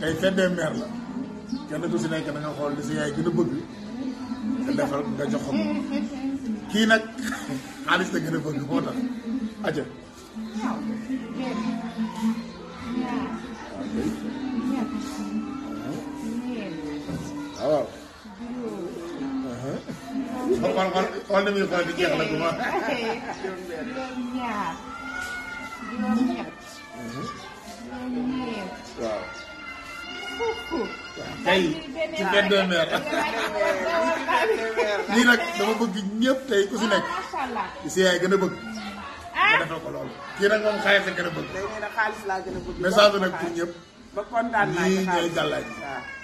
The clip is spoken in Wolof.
tey fête des mères la kenn ku si nekk da nga xool li si yaay gën a bëgg nga defal nga jox ko kii nag xaalis la gën a bëgg moo tax aja waaw xool xool xool na muy xool di jeex la tey ci benn weer lii nag dama bëgg ñëpp tey ku si nekk. si yaay gën a bëgg. Ah? nga defal ko loolu. kii nag moom xaalis la gën a bëgg. message nag pour ñëpp. ba kontaan naa lii